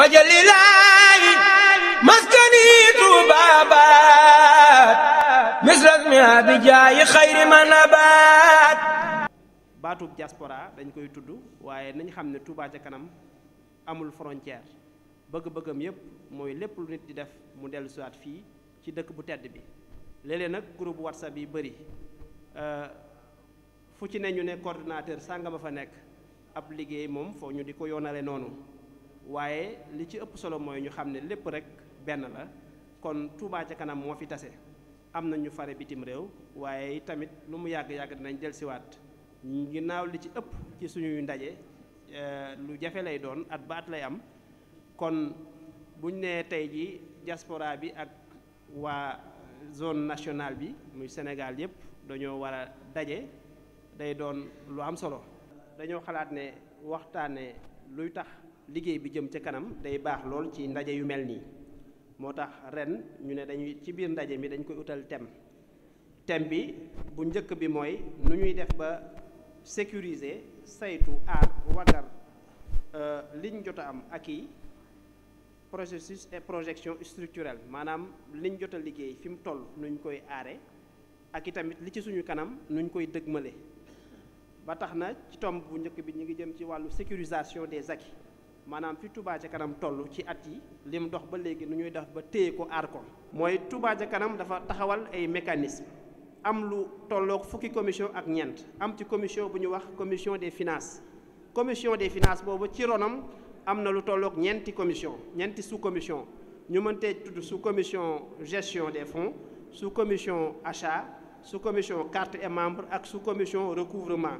wajalilaayi maskani tubaabaat misras mi abijaayi xayri manabaat baatub diaspora dañ koy tudd waaye nañ xam ne Touba ca kanam amul frontière bëgg-bëggam yépp mooy lépp lu nit di def mu dellu siwaat fii ci dëkk bu tedd bi léeg-léeg nag groupe whatsapp yi bëri fu ci ne ñu ne coordinateur sàngama fa nekk ab liggéey moom foo ñu di ko yoonale noonu waaye li ci ëpp solo mooy ñu xam ne lépp rek benn la kon Touba ca kanam moo fi tase am na ñu fare bitim réew waaye tamit lu mu yàgg-yàgg dinañ dellusiwaat ginnaaw li ci ëpp ci suñuy ndaje eh, lu jafe lay doon at ba at lay am kon buñ nee tey ji diaspora bi ak waa zone nationale bi muy Sénégal yëpp dañoo war a daje day doon lu am solo dañoo xalaat ne waxtaanee luy tax liggéey bi jëm ca kanam day baax lool ci ndaje yu mel nii moo tax ren ñu ne dañuy ci biir ndaje mi dañ koy utal thème thème bi bu njëkk bi mooy nu ñuy def ba sécuriser saytu aar waggar euh, liñ jot am ak i processus et projection structurelle maanaam liñ jota liggéey fi mu toll nuñ koy aare ak i tamit li ci suñu kanam nuñ koy dëgmale ba tax na ci tomb bu njëkk bi ñu ngi jëm ci wàllu sécurisation des acquis maanaam fi Touba ca kanam toll ci at yi lim dox ba léegi nu ñuy def ba téye ko aar ko mooy Touba ja kanam dafa taxawal ay mécanisme am lu tolloog fukki commission ak ñeent am ci commission bu ñu wax commission des finance commission des finances boobu ci ronam am na lu tollook ñeenti commission ñeenti sous commission ñu mëntee tudd sous commission gestion des fonds sous commission achat sous commission carte et membres ak sous commission recouvrement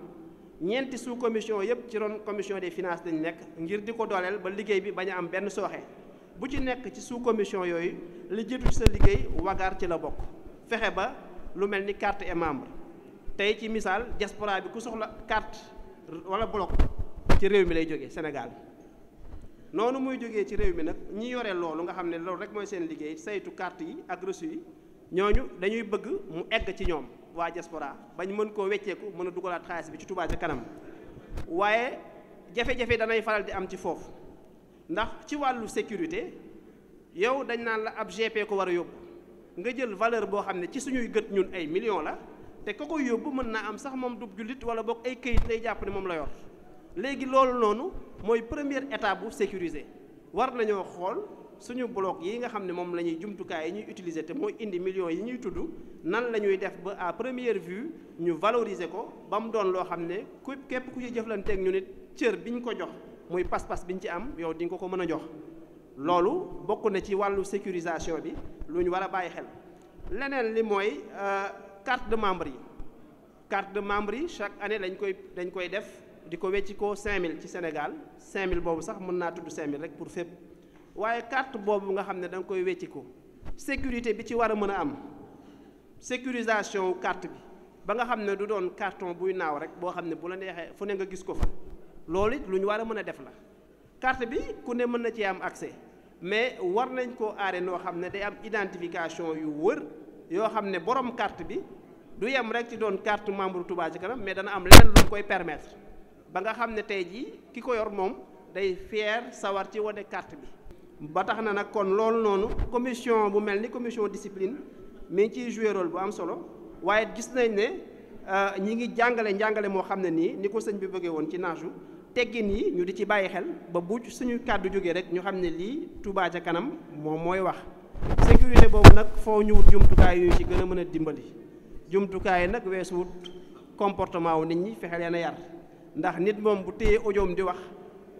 ñeenti sous commission yëpp ci ron commission des finance dañu nekk ngir di ko dooleel ba liggéey bi bañ am benn sooxe bu ci nekk ci sous commission yooyu li jiitu sa liggéey wagaar ci la bokk fexe ba lu mel ni carte et membre tey ci misaal diaspora bi ku soxla carte wala bloc ci réew mi lay jóge Sénégal noonu muy jóge ci réew mi nag ñi yore loolu nga xam ne loolu rek mooy seen liggéey saytu carte yi ak reçu yi ñooñu dañuy bëgg mu egg ci ñoom waa diaspora bañ mën koo wecceeku mën a dugalaat xaalis bi ci Touba ca kanam waaye jafe-jafe danay faral di am ci foofu ndax ci wàllu sécurité yow dañ naan la ab GP ko war a yóbbu nga jël valeur boo xam ne ci suñuy gët ñun ay millions la te ko koy yóbbu mën naa am sax moom du jullit wala boog ay këyit lay jàpp ne moom la yor léegi loolu noonu mooy première étape bu sécuriser war nañoo xool suñu bloc yi nga xam ne moom la ñuy jumtukaay yi ñuy utiliser te mooy indi millions yi ñuy tudd nan la ñuy def ba à première vue ñu valoriser ko ba mu doon loo xam ne ku képp ku ci jëflanteeg ñu nit cër bi ñu ko jox muy pas-pas bi ñu ci am yow di nga ko ko mën a jox. loolu bokk na ci wàllu sécurisation bi lu ñu war a bàyyi xel leneen li mooy euh, carte de membre yi carte de membre yi chaque anne dañ koy dañ koy def di ko wecci ko 5000 ci Sénégal 5000 boobu sax mën naa tudd 5000 rek pour fépp. waaye carte boobu nga xam ne da nga koy wecciku sécurité bi ci war a mën a am sécurisation carte bi ba nga xam ne du doon carton buy naaw rek boo xam ne bu la neexee fu ne nga gis ko fa loolu lu ñu war a mën a def la carte bi ku ne mën na ci am accès mais war nañ koo aare noo xam ne day am identification yu wër yoo xam ne borom carte bi du yem rek ci doon carte membre Touba Ca Kanam mais dana am leneen lu koy permettre ba nga xam ne tey jii ki ko yor moom day fier sawar ci wane carte bi ba tax na nag kon loolu noonu commission bu mel ni commission discipline mi ngi ciy joué bu am solo waaye gis nañ ne euh, ñi ngi jàngale njàngale moo xam ne nii ni ko sëñ bi bëggee woon ci naaju teggin yi ñu di ci bàyyi xel ba bu suñu kàddu jógee rek ñu xam ne lii tubaa ca kanam moom mooy wax. sécurité boobu nag foo ñu wut jumtukaay yu ci gën a mën a dimbali jumtukaay yi nag weesu wut comportement wu nit ñi fexe leen a yar ndax nit moom bu téyee ojoom di wax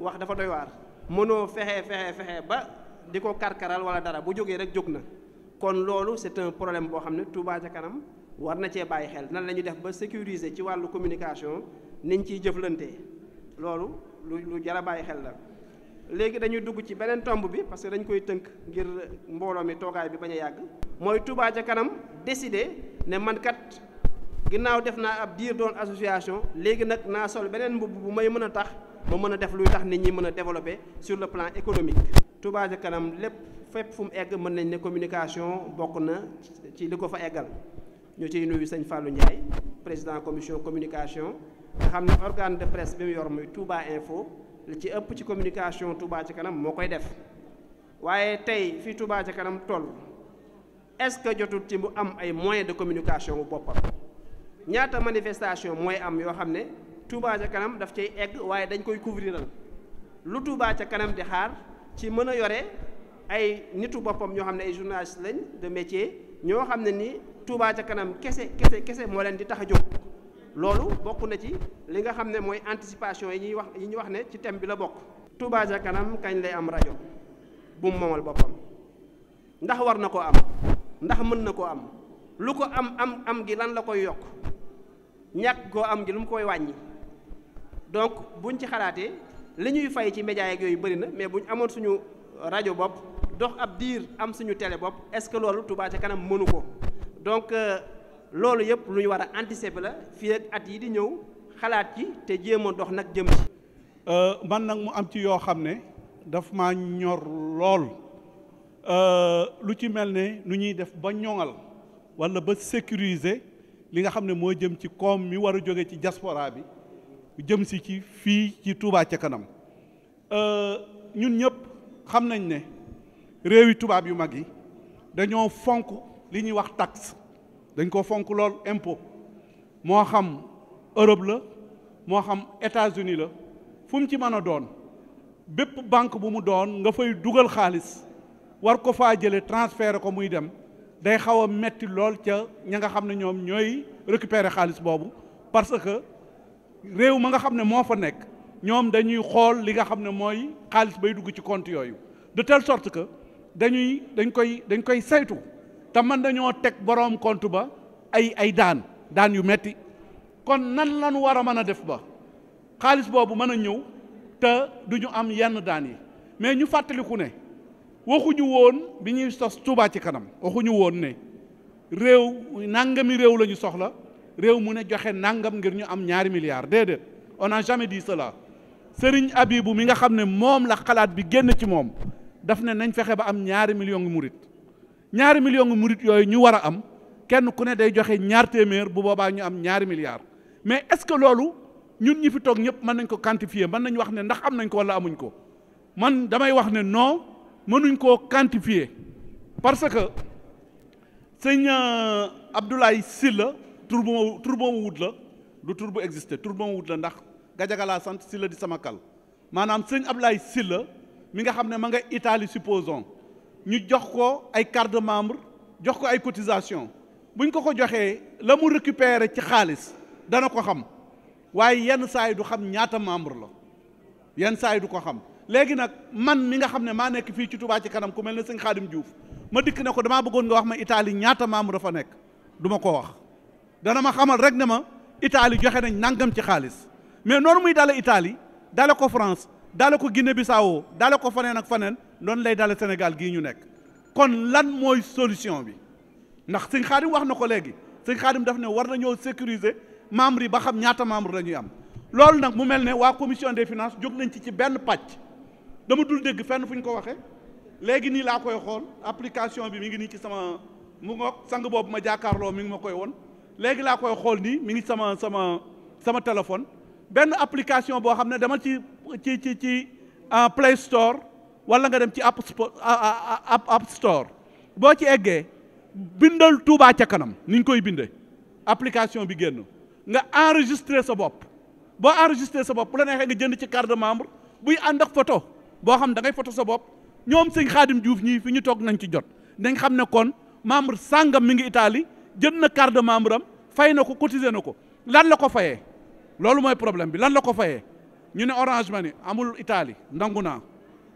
wax dafa doy mënoo fexe fexe fexe ba di ko karkaral wala dara bu jógee rek jóg na kon loolu c'est un problème boo xam ne Touba ca kanam war na cee bàyyi xel nan la ñuy def ba sécuriser ci wàllu communication niñ ciy jëflantee loolu lu lu jar a bàyyi xel la léegi dañuy dugg ci beneen tomb bi parce que dañ koy tënk ngir mbooloo mi toogaay bi bañ a yàgg mooy Touba ca kanam décider ne man kat ginnaaw def naa ab diir doon association léegi nag naa sol beneen mbubb bu may mën a tax ba mën a def luy tax nit ñi mën a développer sur le plan économique Touba ca kanam lépp fépp fu mu egg mën nañ ne communication bokk na ci li ko fa eggal ñu ciy nuyu sëñ Fallou Ndiaye président commission communication nga xam ne organe de presse bi mu yor muy Touba Info li ci ëpp ci communication Touba ca kanam moo koy def waaye tey fii Touba ca kanam toll est-ce que jotul ci mu am ay moyens de communication bu boppam ñaata manifestation mooy am yoo xam ne Touba ca kanam daf cay egg waaye dañ koy couvriral lu tuubaa ca kanam di xaar ci mën a yore ay nitu boppam ñoo xam ne ay journaliste lañ de métier ñoo xam ne ni Touba ca kanam kese kese kese moo leen di tax a jóg loolu bokk na ci li nga xam ne mooy anticipation yi ñuy wax yi ñuy wax ne ci thème bi la bokk Touba ca kanam kañ lay am rajo bu mu moomal boppam ndax war na ko am ndax mën na ko am lu ko am am am gi lan la koy yokk ñàkk koo am gi lu koy wàññi donc buñ ci xalaatee li ñuy fay ci média yeeg yooyu bëri na mais buñ amoon suñu rajo bopp dox ab diir am suñu télé bopp est-ce que loolu Touba ca kanam mënu ko donc euh, loolu yëpp lu ñu war a anticiper la fii at yi di ñëw xalaat ci te jéem a dox nag jëm ci. Euh, man nag mu am ci yoo xam ne daf maa ñor lool euh, lu ci mel ne nu ñuy def ba ñoŋal walla ba sécuriser li nga xam ne moo jëm ci koom mi war a jóge ci diaspora bi. jëm si ci fii ci Touba ca kanam euh, ñun ñëpp xam nañ ne réewi tubaab yu mag yi dañoo fonk li ñuy wax taxe dañ ko fonk loolu impo moo xam Europe la moo xam états uni la fu ci mën a doon bépp banque bu mu doon nga fay dugal xaalis war ko faa jële transféré ko muy dem day xaw a metti lool ca ña nga xam ne ñoom ñooy récupérer xaalis boobu parce que réew ma nga xam ne moo fa nekk ñoom dañuy xool li nga xam ne mooy xaalis bay dugg ci compte yooyu de telle sorte que dañuy dañ koy dañ koy saytu te mën dañoo teg boroom compte ba ay ay daan daan yu metti kon nan lañu war a mën a def ba xaalis boobu mën a ñëw te du ñu am yenn daan yi mais ñu fàttaliku ne waxuñu woon bi ñuy sos Touba ci kanam waxuñu woon ne réew nangami réew la ñu soxla réew mu ne joxe nàngam ngir ñu am ñaari milliards déedéet on n'a jamais dit cela Serigne mi nga xam ne moom la xalaat bi génn ci moom daf ne nañ fexe ba am ñaari million ngi ñaari million ngi yooyu ñu war a am kenn ku ne day joxe ñaar téeméer bu boobaa ñu am ñaari milliards mais est-ce que loolu ñun ñi fi toog ñëpp mën nañ ko quantifier mën nañ wax ne ndax am nañ ko walla amuñ ko man damay wax ne non mënuñ koo quantifier parce que sëñ euh, Abdoulaye Sylla tur bu ma tur boobu wut la du tur bu existé tur boobu wut la ndax Gajaga laa sant Sylla di sama kal maanaam sëñ Ablaye silla mi nga xam ne ma nga itali supposons ñu jox ko ay carte de membre jox ko ay cotisation buñ ko ko joxee la mu récupérer ci xaalis dana ko xam waaye yenn saa yi du xam ñaata membre la yenn saa yi du ko xam léegi nag man mi nga xam ne maa nekk fii ci Touba ci kanam ku mel ne sëñ Xaadim Diouf ma dikk ne ko damaa bëggoon nga wax ma Italie ñaata membre dafa nekk du ko wax dana ma xamal rek ne ma Italie joxe nañ nangam ci xaalis mais noonu muy dale itali dale ko France dale ko Guinée Bissau dale ko faneen ak faneen noonu lay dale Sénégal gii ñu nekk kon lan mooy solution bi ndax sëñ Xaadim wax na ko léegi sëñ Xaadim daf ne war na ñëw sécuriser membre yi ba xam ñaata membre la ñuy am loolu nag mu mel ne waa commission des finances jóg nañ ci ci benn pàcc dama dul dégg fenn fu ñu ko waxee léegi nii laa koy xool application bi mi ngi nii ci sama mu ngoog sang boobu ma jàkkaarloo mi ngi ma koy woon léegi laa koy xool nii mi ngi sama sama sama téléphone benn application boo xam ne dama ci ci ci ci ah, Play Store wala nga dem ci app ah, ah, app app store boo ci eggee bindal Touba ca kanam ni koy bindee application bi génn nga enregistré sa bopp boo enregistré sa bopp bu la neexee nga jënd ci carte membre buy ànd ak photo boo xam da ngay photo sa bopp ñoom sëñ Xaadim Diouf ñii fi ñu toog nañ ci jot dañ xam ne kon membre sàngam mi ngi Italie jënd na carte de membre am fay na ko cotiser na ko lan la ko fayee loolu mooy problème bi lan la ko fayee ñu ne Orange Money amul itali nangu naa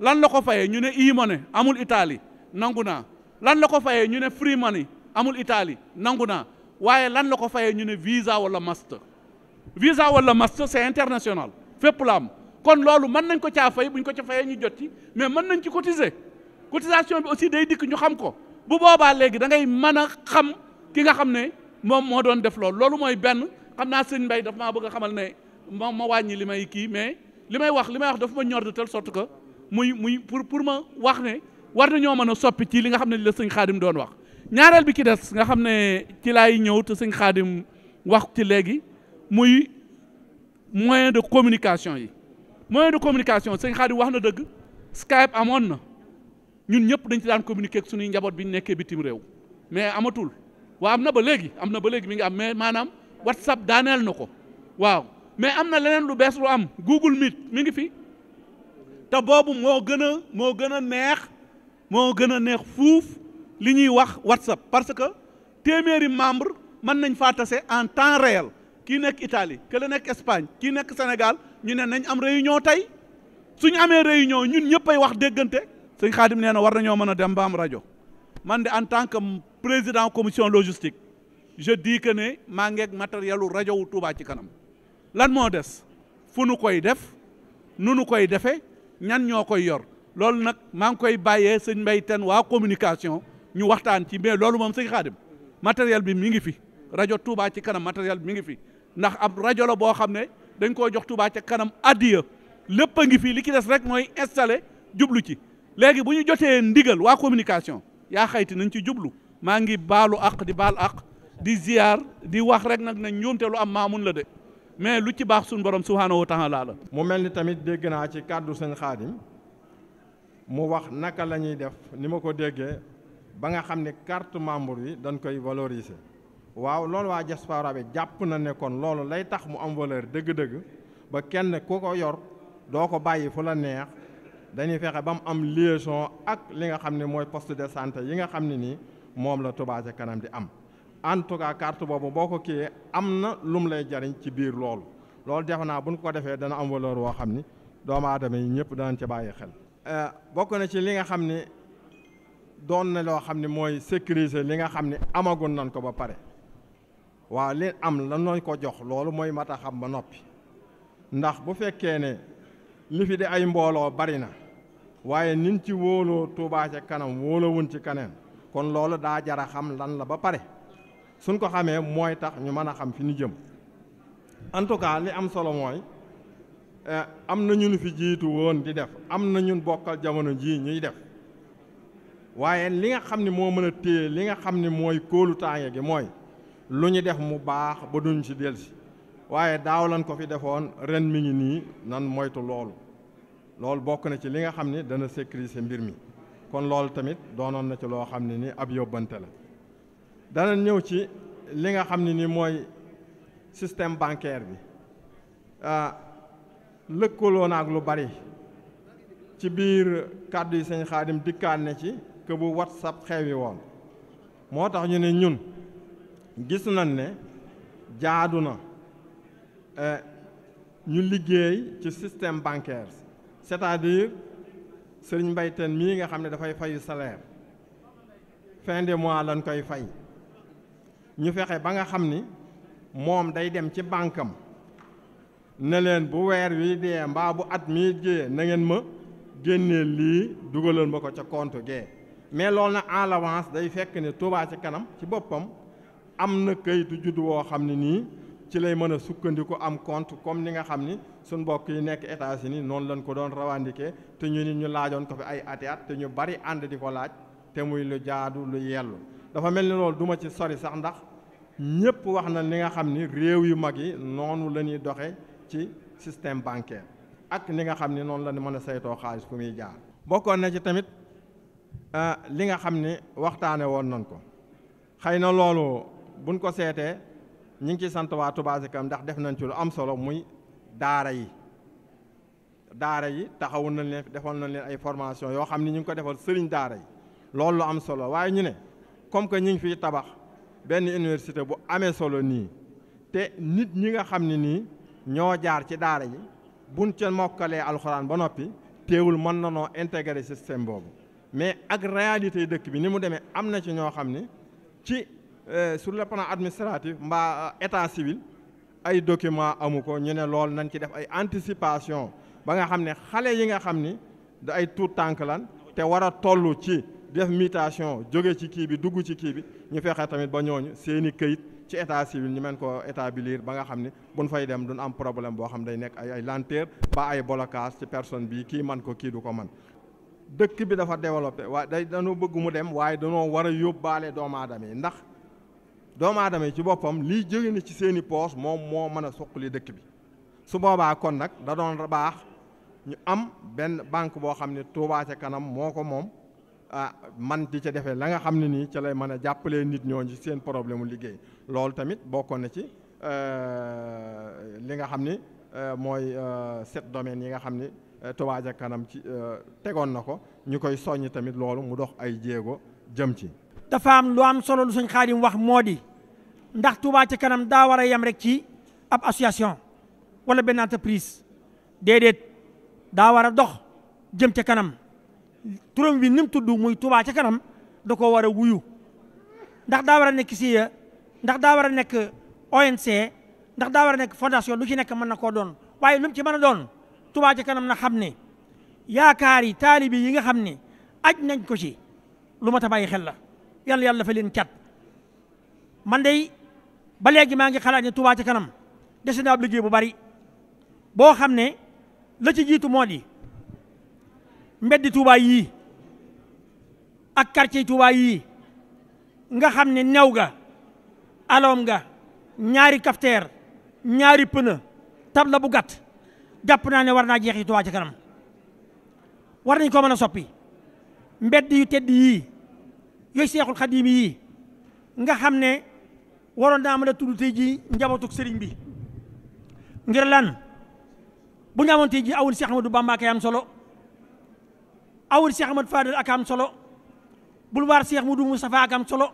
lan la ko fayee ñu ne e-money amul itali nangu naa lan la ko fayee ñu ne free amul Italie nangu naa waaye lan la ko fayee ñu ne visa wala master visa wala master c'est international fépp la am kon loolu mën nañ ko caa fay buñ ko ca fayee ñu jot ci mais mën nañ ci cotiser cotisation bi aussi day dikk ñu xam ko bu boobaa léegi da ngay mën a xam ki nga xam ne moom moo doon def loolu loolu mooy benn xam naa sëñ Mbay daf maa bëgg xamal ne moom ma wàññi li may kii mais li may wax li may wax dafa ma ñor de telle sorte que muy muy pour pour ma wax ne war nañoo mën a soppi ci li nga xam ne li la sëñ Xaadim doon wax ñaareel bi ci des nga xam ne ci laay ñëw te sëñ Xaadim wax ci léegi muy moyen de communication yi moyen de communication sëñ Xaadim wax na dëgg Skype amoon na ñun ñëpp dañ ci daan communiquer suñuy njaboot bi ñu nekkee bitim réew mais amatul waa am na ba léegi am na ba léegi mi ngi am mais maanaam whatsapp daaneel na ko waaw mais am na leneen lu bees lu am google meet mi ngi fi te boobu moo gën a moo gën a neex moo gën a neex fuuf li ñuy wax whatsapp parce que téeméeri membre mën nañ faa tase en temps réel kii nekk Italie kële nekk Espagne kii nekk Sénégal ñu ne nañ am réunion tey suñu amee réunion ñun ñëpp ay wax dëggante sëñ Xaadim nee na war nañoo mën a dem ba am rajo man de en président commission logistique je dis que ne maa ngeeg matériel u rajo wu Touba ci kanam lan moo des fu nu koy def nu nu koy defee ñan ñoo koy yor loolu nag maa ngi koy bàyyee sëñ Mbay Ten waa communication ñu waxtaan ci mais loolu moom sëñ Xaadim matériel bi mi ngi fi rajo Touba ci kanam matériel bi mi ngi fi ndax ab rajo la boo xam ne dañ koo jox Touba ci kanam addiya lépp a ngi fi li ci des rek mooy installé jublu ci léegi bu ñu jotee ndigal waa communication yaa xayti nañ ci jublu maa ngi baalu àq di baal àq di ziyaar di wax rek nag na njuumte lu am maamun la de mais lu ci baax suñu borom subhaanahu wa taala la mu mel ni tamit dégg naa ci kàddu sëñ Xaadim mu wax naka la ñuy def ni ma ko déggee ba nga xam ne carte membre wi dañ koy valoriser waaw loolu waa diaspora bi jàpp na nekkoon kon loolu lay tax mu am valeur dëgg-dëgg ba kenn ku ko yor doo ko bàyyi fu la neex dañuy fexe ba mu am liaison ak li nga xam ne mooy poste de santé yi nga xam ne nii moom la Touba kanam di am en tout cas boobu boo ko kiiyee am na lum lay jariñ ci biir loolu loolu defe naa buñ ko defee dana am valeur woo xam ni doomu aadama yi ñëpp danañ ci bàyyi xel. Euh, bokk na ci li nga xam ni doon na loo xam ni mooy sécuriser li nga xam ni amagun nañ ko ba pare waaw li am la nooy ko jox loolu mooy mat a xam ba noppi ndax bu fekkee ne li fi di ay mbooloo bari na waaye nin ci wóoloo Touba ca kanam wóoloo wuñ ci kaneen kon loolu daa jara xam lan la ba pare suñ ko xamee mooy tax ñu mën a xam fi ñu jëm en tout cas li am solo mooy eh, am na ñun fi jiitu woon di def am na ñun bokkal jamono jii ñuy def waaye li nga xam ne moo mën a téye li nga xam ni mooy kóolu taange gi mooy lu ñu def mu baax ba duñ ci si waaye daaw ko fi defoon ren mi ngi nii nan moytu loolu loolu bokk na ci li nga xam ni dana sécuriser mbir mi kon loolu tamit doonoon na ci loo xam ne ni ab yóbbante la dana ñëw ci li nga xam ne ni mooy système bancaire bi ah, lëkkaloo na lu bari ci biir kàddu yi sëñ Xaadim dikkaan ne ci que bu whatsapp xewi woon moo tax ñu ne ñun gis nañ ne jaadu na eh, ñu liggéey ci système bancaire cest sëriñ mbayteen mii nga xam ne dafay fayu saleer fin de mois lañ koy fay ñu fexe ba nga xam ni moom day dem ci bànkam ne leen bu weer wi dee mbaa bu at mii jee na ngeen ma génne lii dugaloon ma ko ca compte gee mais loolu na en avance day fekk ne Touba ci kanam ci boppam am na kayitu juddu woo xam ne nii ci lay mën a sukkandiku am compte comme ni nga xam ni suñ mbokk yi nekk États-Unis noonu lañ ko doon revendiquer te ñu ni ñu laajoon ko fi ay ati at te ñu bari ànd di ko laaj te muy lu jaadu lu yellu dafa mel ni loolu duma ci sori sax ndax ñépp wax na li nga xam ni réew yu mag yi noonu la ñuy doxe ci système bancaire ak ni nga xam ni noonu la ñu mën a saytoo xaalis fu muy jaar bokkoon na ci tamit euh, li nga xam ni waxtaane woon nañ ko xëy na loolu buñ ko seetee ñu ngi ciy sant waa Touba ca kanam ndax def nañ ci lu am solo muy daara yi daara yi taxawu na leen defoon nañ leen ay formation yoo xam ni ñu ngi ko defal sëriñ daara yi loolu lu am solo waaye ñu ne comme que ñu ngi tabax benn université bu amee solo nii te nit ñi nga xam ne nii ñoo jaar ci daara yi buñ ca mokkalee alxuraan ba noppi téewul mën na noo intégrer système boobu mais ak réalité dëkk bi ni mu demee am na ci ñoo xam ne ci Euh, sur le plan administratif mbaa euh, état civil ay documents amu ko ñu ne lool nañ ci def ay anticipation ba nga xam ne xale yi nga xam ni da ay tuut tànk lan te war a toll ci def mutation jóge ci kii bi dugg ci kii bi ñu fexe tamit ba ñooñu seeni këyit ci état civil ñu mën ko établir ba nga xam ne buñ fay dem duñ am problème boo xam day nekk ay ay lenteur ba ay blocage ci personne bii kii man ko kii du ko man dëkk bi dafa développé waaye day dañoo bëgg mu dem waaye dañoo war a yóbbaale doomu aadama yi ndax doomu aadama yi ci boppam lii jóge ni ci seeni poos moom moo mën a suqali dëkk bi su boobaa kon nag da doon baax ñu am benn banque boo xam ne Touba kanam moo ko moom ah man di ca defee la nga xam ne nii ci lay mën a jàppalee nit ñooñu ci seen problème mu liggéey loolu tamit bokkoon na ci euh, li nga xam ni euh, mooy euh, set domaines yi nga xam ni Touba ca kanam ci tegoon na ko ñu koy soññ tamit loolu mu dox ay jéego jëm ci. dafa am lu solo lu sëñ Xaadim wax moo di ndax Touba ci kanam daa war a yem rek ci ab association walla benn entreprise déedéet daa war a dox jëm ca kanam turam wi ni mu tudd muy Touba ca kanam da ko war a wuyu ndax daa war a nekk SIE ndax daa war a nekk ONC ndax daa war a nekk fondation lu ci nekk mën na koo doon waaye lu ci mën a doon Touba ca kanam na xam ne yaakaar yi taalibi yi nga xam ni aj nañ ko ci lu ma ta bàyyi xel la yàlla yàlla dafa leen cat man day ba léegi maa ngi xalaat ne Touba kanam dese naa ab liggéey bu bari boo xam ne la ci jiitu moo di mbeddi Touba yii ak quartier Touba yii nga xam ne new ga aloom ga ñaari kafteer ñaari pneu tabla bu gàtt jàpp naa ne war naa jeexi Touba ca kanam war nañ koo mën a soppi mbedd yu yii yoy seexul xadiim yi nga xam ne waroon naa mën a tudd tey ji njabootug sëriñ bi ngir lan bu ñu amoon tey ji awul Seex Ahmadu Bamba am solo awul Seex Ahmadu Fadal ak am solo bulwaar Seex Mudu Mustafa ak am solo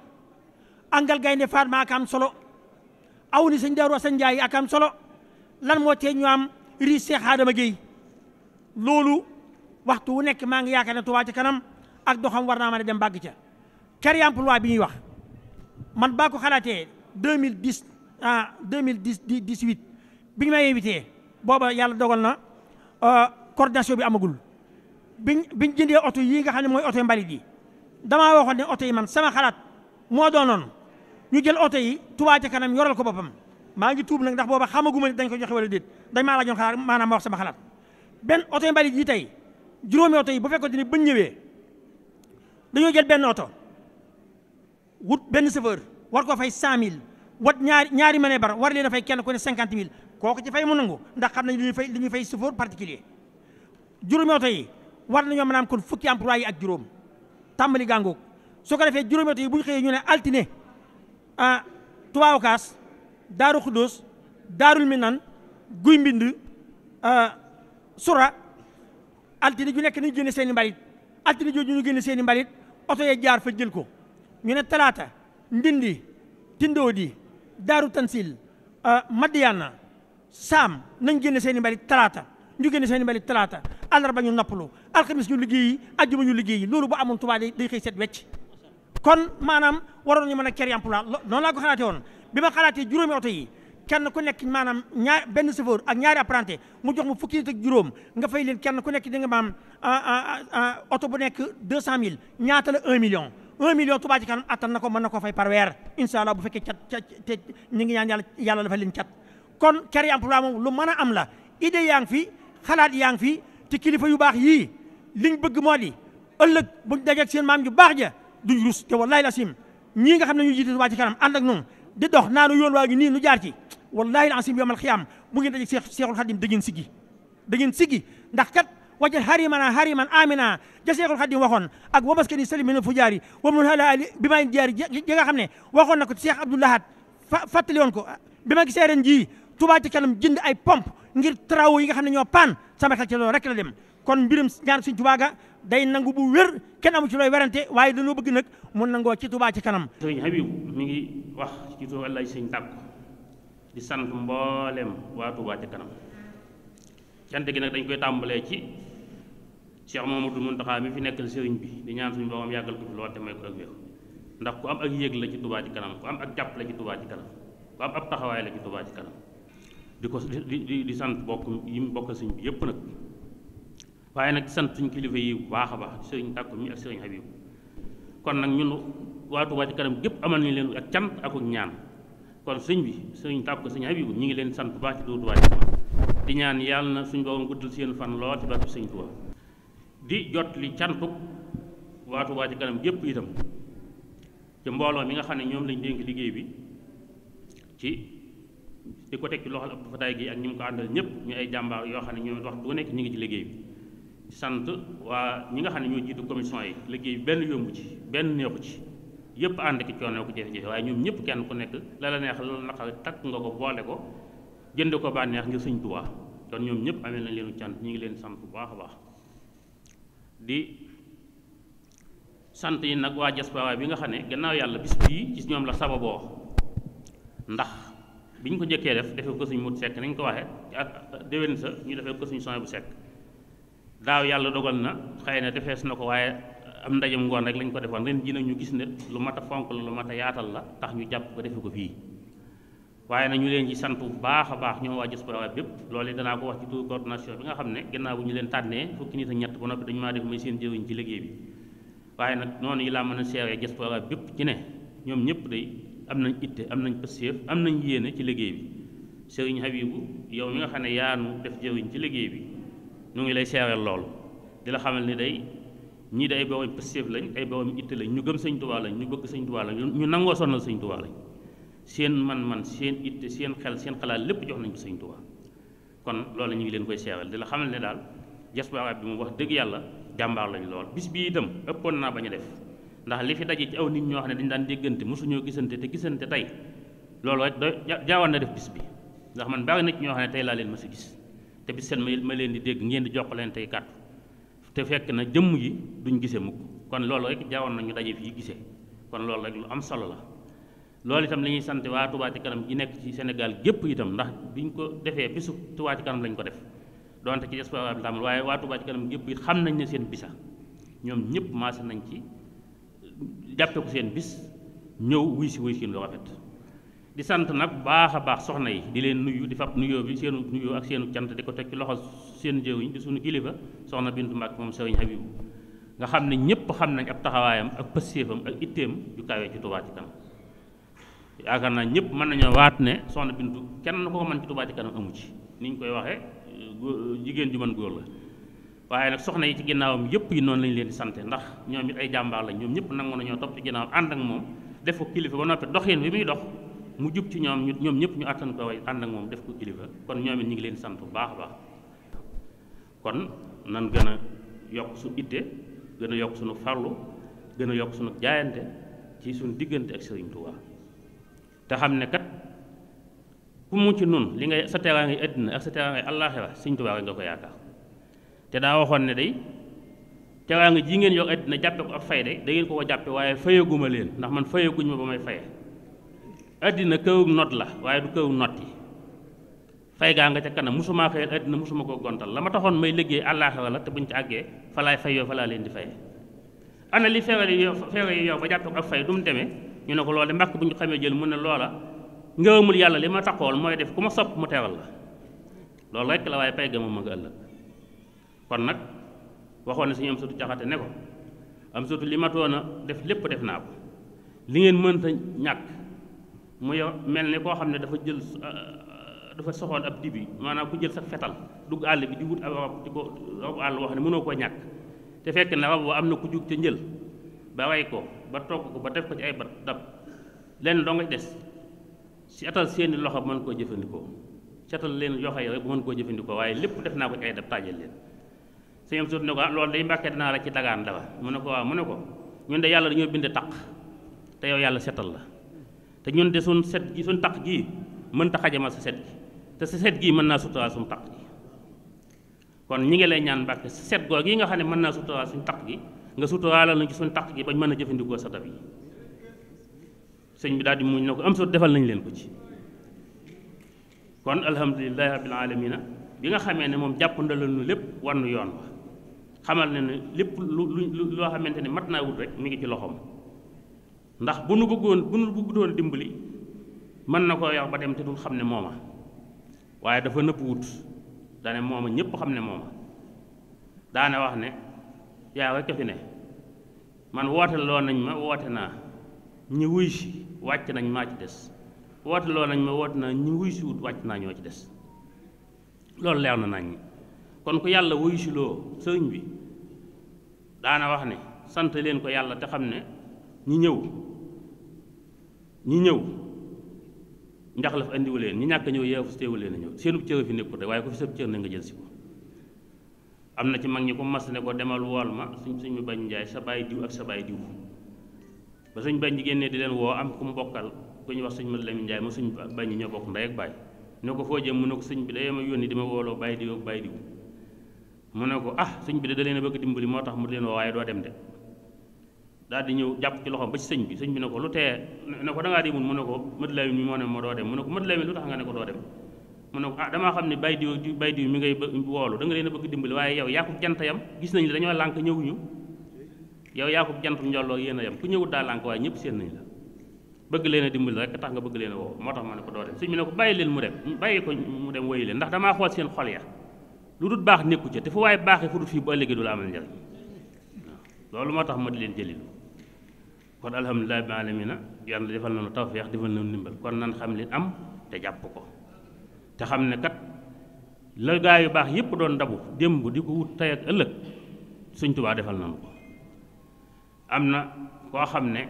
angal gaynde Fatma ak am solo awul sëñ Daaru Asan Njaay ak am solo lan moo tee ñu am rii Seex Adama Géey loolu waxtu wu nekk maa ngi yaakaar ne Tuubaa ci kanam a doxam war naa mën a dem bàgg ca créer emploi bi ñuy wax man baako xalaate xalaatee deux mille dix ah deux mille dix dix huit bi ñu invité booba yàlla dogal na euh, coordination bi amagul biñ biñ jëndee oto yi nga xam ne mooy oto mbalit yi damaa waxoon ne oto yi man sama xalaat moo doonoon ñu jël oto yi Touba ca kanam yoral ko boppam maa ngi tuub nag ndax booba xamaguma ne dañ ko joxe wala déet dañ maa laajoon xalaat maanaam ma wax sama xalaat benn oto mbalit yi tey juróomi oto yi bu fekkoon ne bañ ñëwee dañoo jël benn oto. wut benn chauffeur war ko fay cent mille wat ñaari ñaari mënee bar war leen fay kenn ku ne cinquante mille kooku ci fay mu nangu ndax na nañ li ñuy fay li ñuy fay chauffeur particulier juróomi war nañoo mën a am kon fukki employé yi ak juróom tàmbali gàngoog su ko defee juróomi oto yi bu ñu ñu ne altine ah Touba Ocass Daaru Xuddoos Daarul Minan Guy Mbind ah, Sura altine ju nekk nañu génne seen i mbalit altine jooju ñu génne seen i mbalit oto yee jaar fa jël ko. ñu ne talaata ndindi tindoodi daaru tansil euh, madiyaana saam nañ génne seen i mbali talaata ñu génne seen i mbali talaata àllarba ñu noppalu alxamis ñu liggéeyi ajjuma ñu liggéeyi loolu bu amoon Tuubaa day xëy set wecc kon maanaam waroon ñu mën a créer emploi noonu laa ko xalaatee woon bi ma xalaatee juróomi oto yi kenn ku nekk maanaam ñaar benn chauffeur ak ñaari apprenti mu jox ma fukki nit ak juróom nga fay leen kenn ku nekk di nga maam ah, ah, ah, oto bu nekk deux cent mille ñaata la un million un million Touba Ca Kanam attan na ko mën na ko fay par weer allah bu fekkee cat ca te ñu ngi cat kon créer emploi moom lu mën a am la idée yaa ngi fi xalaat yaa ngi fi te kilifa yu baax yii liñ bëgg moo di ëllëg buñ dajeeg seen maam ju baax ja duñ rus te wallahi lasim ñii nga xam ne ñu jiite Touba Ca Kanam ànd ak noonu di dox naanu yoon waa ñu nii nu jaar ci wallahi lasim yomal xiyaam mu ngi dajeeg Seexul Xadim da ngeen siggi da ngeen kat wajal harimana hariman amina ja seexul xadim waxoon ak wa maskani salim min fujaari wa mun hala ali bi maa jaari ji nga xam ne waxoon na ko seex abdul ahad fàttali woon ko bi ma gisee ren jii ci kanam jënd ay pompe ngir travaux yi nga xam ne ñoo paan sama rek dem kon mbirum ñaan suñ Touba ga day nangu bu wér kenn amu ci looy werante waaye dañoo bëgg nag mun nangoo ci Touba ci kanam sëriñ Habib mi ngi wax ci turu Allah sëñ tàkku di sant mboolem waa Touba ci kanam cant dañ koy tàmbalee ci moom Cheikh Mamadou Mountakha mi fi nekkal sëriñ bi di ñaan suñu borom yàggal ko fi lool te may ko ak ku am ak yéeg la ci Touba ci kanam ku am ak jàpp la ci Touba ci kanam ku am taxawaay la ci Touba ci di ko di sant bokk yi bokk sëriñ yëpp nag nag sant suñu kilifa yi bu baax a baax sëriñ Tàkku mi ak sëriñ Habib kon nag ñun waa Touba ci kanam gépp amal nañ leen ak cant ak ñaan kon sëñ bi sëriñ Tàkku sëriñ Habib ñu ngi leen sant bu baax ci Touba ñaan yàlla na suñu borom guddal seen fan lool ci barke di jot li cantuk waa Touba Ca Kanam yépp itam ci mbooloo mi nga xam ne ñoom lañ dénk liggéey bi ci di ko teg ci loxol Abdou Fataay gi ak ñi mu ko àndal ñëpp ñu ay jàmbaar yoo xam ne ñoom waxtu bu nekk ñu ngi ci liggéey sant waa ñi nga xam ne ñoo jiitu commission yi liggéey benn yomb ci benn neexu ci yëpp ànd ki coono ko jafe waaye ñoom ñëpp kenn ku nekk la neex loolu naqal takk nga ko boole ko jënd ko bànneex ngir Sëñ Tuubaa kon ñoom ñëpp amee nañ leenu cant ñu ngi leen sant bu baax a baax di sant yi nag waa diaspora bi nga xam ne gannaaw yàlla bis bii ci ñoom la sababoo ndax bi ñu ko njëkkee def defee ko suñ mut sekk nañ ko waxee déwén sa ñu defee ko suñ son bu sekk daaw yàlla dogal na xëy na defees na ko waaye am ndajem ngoon rek lañ ko defoon ren ji nag ñu gis ne lu mat a fonk la lu mat a yaatal la tax ñu jàpp ko defe ko fii waaye nag ñu leen ci sant bu baax a baax ñoom waa diaspora bépp loolu danaa ko wax ci tur coordination bi nga xam ne gannaaw bu ñu leen tànnee fukki nit ak ñett ba noppi dañu maa def may seen jëwiñ ci liggéey bi waaye nag noonu yi laa mën a seeree diaspora bépp ci ne ñoom ñëpp day am nañ itte am nañ pësséef am nañ yéene ci liggéey bi sëriñ Habibou yow mi nga xam ne nu def jëwiñ ci liggéey bi ñu ngi lay seereel lool di la xamal ni day ñii de ay borom pësséef lañ ay borom itte lañ ñu gëm sëñ Tuubaa lañ ñu bëgg sëñ Tuubaa lañ ñu nangoo sonnal sëñ Tuubaa lañ seen man-man seen it seen xel seen xalaat lépp jox nañ ko sëñ Tuubaa kon loolu ñu ngi leen koy seeral di la xamal ne daal diaspora bi mu wax dëgg yàlla jàmbaar lañu lool bis bii itam ëppoon naa bañ a def ndax li fi daje ci aw nit ñoo xam ne dañu daan déggante mosuñoo gisante te gisante tey loolu rek jaawan na def bis bi ndax man bari na ñoo xam ne tey laa leen mës a gis te bis seen ma leen di dégg ngeen di jox leen te fekk na jëmm yi duñ gisee mukk kon loolu rek jaawoon na ñu daje fii gisee kon loolu rek lu am solo la loolu itam la ñuy sant waa Touba ci kanam gi nekk ci Sénégal gépp itam ndax ñu ko defee bisu Touba ci kanam lañ ko def donte ci espoir bi tamul waaye waa Touba ci kanam gépp it xam nañ ne seen bisa ñoom ñëpp maase nañ ci jàppe ko seen bis ñëw wuy si wuy si lu di sant nag baax a baax soxna yi di leen nuyu di fab nuyoo bi seenu nuyoo ak seenu cant di ko teg ci loxo seen jëwiñ di suñu kilifa soxna Bintu Mbàkke moom sëriñ Habibu nga xam ne ñëpp xam nañ ab taxawaayam ak pësséefam ak itteem ju kawee ci Touba ci kanam yaakaar naa ñëpp mën nañoo waat ne soxna Bintu kenn ko ko mën ci Touba ci kanam amu ci ni ñu koy waxee jigéen ju mën góor la waaye nag soxna yi ci ginnaawam yëpp yi noonu lañu leen di sant ndax ñoom it ay jàmbaar lañ ñoom ñëpp nangu nañoo topp ci ginnaawam ànd ak moom def ko kilifa ba noppi doxin bi muy dox mu jub ci ñoom ñoom ñëpp ñu àttan ko way ànd ak moom def ko kilifa kon ñoom ñu ngi leen sant bu baax a baax kon nan gën a yokk su itte gën a yokk suñu farlu gën a yokk suñu jaayante ci suñu diggante ak Sëriñ Tuubaa te xam ne kat ku mu ci nun li ngay sa teraa ngay àddina ak sa teraa ngay allaaxira Sëñ Tuubaa daa waxoon ne day teraa ji ngeen yor àddina jàppe ko ak fay de da ko ko jàppe waaye fayaguma leen ndax man fayaguñ ma ba may faye àddina kërug not la waaye du kërug not yi fay gaa nga ca kanam musuma fayal àddina musuma ko gontal la ma taxoon may liggéey àllaaxira la te buñ ci àggee fa laay fay yoo leen di faye ana li feere yi yow ba jàppe ko ak fay du mu demee ñu ne ko loolu de mbàkk bu ñu xamee jël mu ne loola ngëwamul yàlla li ma taxool mooy def ku ma sopp mu teewal la loolu rekk la waaye pay gëmu ma nga ëllëg kon nag waxoon ne suñu am sutu jaxate ne ko am sutu li matoon a def lépp def naa ko li ngeen mënta ñàkk mu yow mel ni koo xam ne dafa jël euh, dafa soxoon ab dibi maanaam ku jël sa fetal dugg àll bi di wut ab rab di ko rabu àll wax ne mënoo koo ñàkk te fekk na rab am na ku jug ca njël ba way ko ba togg ko ba def ko ci ay ba dab lenn doo nga des si atal seeni loxo mën koo jëfandikoo si leen loxo yi rek bu mën koo jëfandikoo waaye lépp def naa ko ci ay dab taajal leen sëñ am suut ne ko ah, loolu day la ci dagaan daba mu ne ko waaw ne ko ñun de yàlla dañoo bind taq te yow yàlla setal la te ñun de suñ set gi suñ taq gii mënta xajamal sa set gi te sa set gii mën naa suturaal suñu taq gi kon ñi ngi lay ñaan mbàkke sa set googu yi nga xam ne mën naa suturaal suñu taq gi nga suturaalal na ci suñ taq gi bañ mën a jëfandikoo sa dab yi sëñ bi daal di muñ na ko am sot defal nañ leen ko ci kon alhamdulilahi rabbil alamina bi nga xamee ne moom jàpp ndalal nu lépp war yoon wa xamal ne ne lépp lu lu loo xamante ne mat naa wut rek mi ngi ci loxoom ndax bu nu bëggoon dimbali mën na koo yox ba dem te du xam ne mooma waaye dafa nëpp wut daane mooma ñëpp xam ne mooma daane wax ne yaa rekk fi ne man woote loo nañ ma woote naa ñi wuy si wàcc nañ maa ci des woote loo nañ ma woote naa ñi wuy si wut wàcc naa ñoo ci des loolu leer na nañ kon ku yàlla wuy si loo sëriñ bi daana wax ne sant leen ko yàlla te xam ne ñi ñëw ñi ñëw ndax la fa andiwu leen ñi ñàkk ñëw yeewu fa téewu leen a ñëw seenub cër fi nekkul rek waaye ku fi sab cër na nga jël si ko am na ci mag ñi ko mas ne ko demal wool ma suñ suñ mu bañ njaay sa baay diw ak sa baay diw ba suñ bañ ne di leen woo am ku mu bokkal ku ñu wax suñ ma Lamin Njaay ma suñ bañ ñoo bokk ndey ak baay ne ko foo jëm mu ne ko sëñ bi day ma yónni di wooloo baay diw ak baay mu ne ko ah suñ bi de da leen a bëgg dimbali moo tax mu leen waaye doo dem de daal di ñëw jàpp ci loxo ba ci bi sëñ bi ne ko lu tee ne ko da ngaa demul mu ne ko mët lay mi moo ne ma doo dem mu ne ko mët lay lu tax nga ne ko doo dem mu ne ko ah damaa xam ne bay diw bay diw mi ngay woolu da leen bëgg dimbali waaye yow yaa ko jant yam gis nañ la dañoo lànk ñëwuñu yow yaa ko jant njolloo yéen a yam ku ñëwut daa lànk waaye ñëpp seen nañ la bëgg leen a dimbali rek tax nga bëgg leen a woo moo tax ma ne ko doo dem sëñ bi ne ko bàyyi leen mu dem bàyyi ko mu dem woyu leen ndax damaa xool seen xol ya lu dul baax nekku ca te fu waaye baaxee fu dul fii bu ëllëgee du la amal njëriñ loolu moo tax ma di leen jëlilu kon alhamdulilah bi alamina yàlla defal nañu tawfeex defal nañu ndimbal kon nan xam li am te jàpp ko te xam ne kat la gaa yu baax yépp doon dabu démb di ko wut tey ak ëllëg Sëñ Tuubaa defal nañu ko am na koo xam ne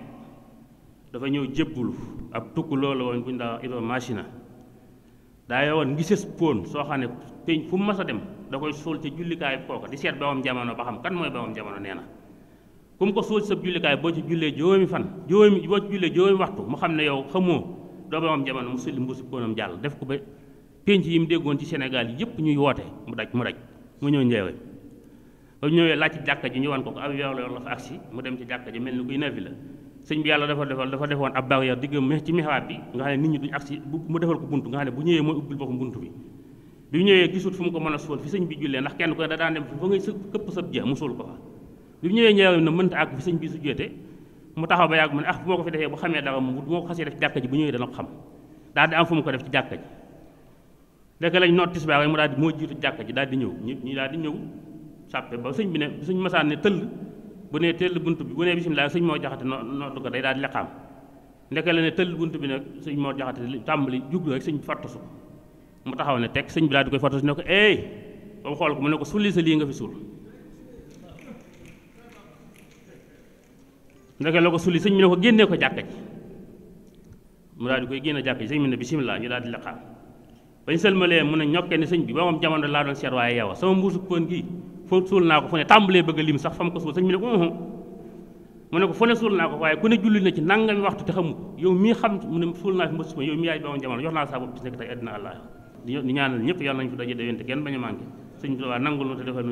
dafa ñëw jébbulu ab tukk loolu woon bu ñu daa ido machina daa ngi ngises póon soo xam ne peñ fu mu mas a dem da koy suul ci jullikaay kooka di seet bawam jamono ba xam kan mooy bawam jamono nee na ku mu ko suul ci sa jullikaay boo ci jullee juróomi fan juróomi boo ci jullee juróomi waxtu mu xam ne yow xamoo doo bawam jamono mu sulli mbuusi jàll def ko ba pénc yi mu déggoon ci Sénégal yëpp ñuy woote mu daj mu daj mu ñëw njeewee ba mu ñëwee laaj ci jàkka ji ñu ko ko ab mu dem ci jàkka ji mel ni kuy nafi la sëñ bi yàlla dafa defal dafa defoon ab barrière digg ci mixraab bi nga xam ne nit ñi duñ agsi mu bunt nga xam ne bu ñëwee mooy ubbil boppam bunt bi bi mu ñëwee gisut fu mu ko mën a suul fi sëñ bi jullee ndax kenn ko da daan dem fa ngay sa këpp sab ja mu suul ko fa mu ñëwee njeewee na mënta àgg fi sëñ bi su jootee mu taxaw ba yàgg mu ne ah bu moo ko fi defee bu xamee dara moom bu moo ko xasee def ci jàkka ji bu ñëwee dana ko xam daal di am fu mu ko def ci jàkka ji ndeke lañ noot tisbaar waaye mu daal moo jiitu jàkk ji daal di ñëw ñu ñu daal di ñëw sàppe ba sëñ bi ne sëñ masaan ne tëll bu ne tëll bunt bi bu nee bisimilah sëñ moo jaxate nootu ko day daal di leqaam la ne tëll bunt bi nag sëñ moo jaxate tàmbali jublu rek sëñ fartasu mu taxaw ne teg sëñ bi daal di koy ko ey xool ko mu ne ko sulli sa lii nga fi suul la ko sulli sëñ bi génnee ko jàkka ji mu daal di koy génne jàkka ji bisimilah ñu daal di leqaam bañ sëlmalee mu ne ñokkee ni sëñ bi ba moom jamono laa doon seet waaye yow sama mbuusu pën gi foo suul naa ko fu ne tàmbalee bëgg a lim sax fam ko suul sëñ bi ne ko mu ne ko fu ne suul naa ko waaye ku ne julli na ci nangami waxtu te xamu yow mii xam mu ne suul naa fi mbas yow mii yaay ba moom jamono jox naa saa bopp bis nekk tey àddina àllaa di ñaanal ñëpp yàlla nañ fi daje déwén kenn bañ a sëñ bi waa nangul nu te defal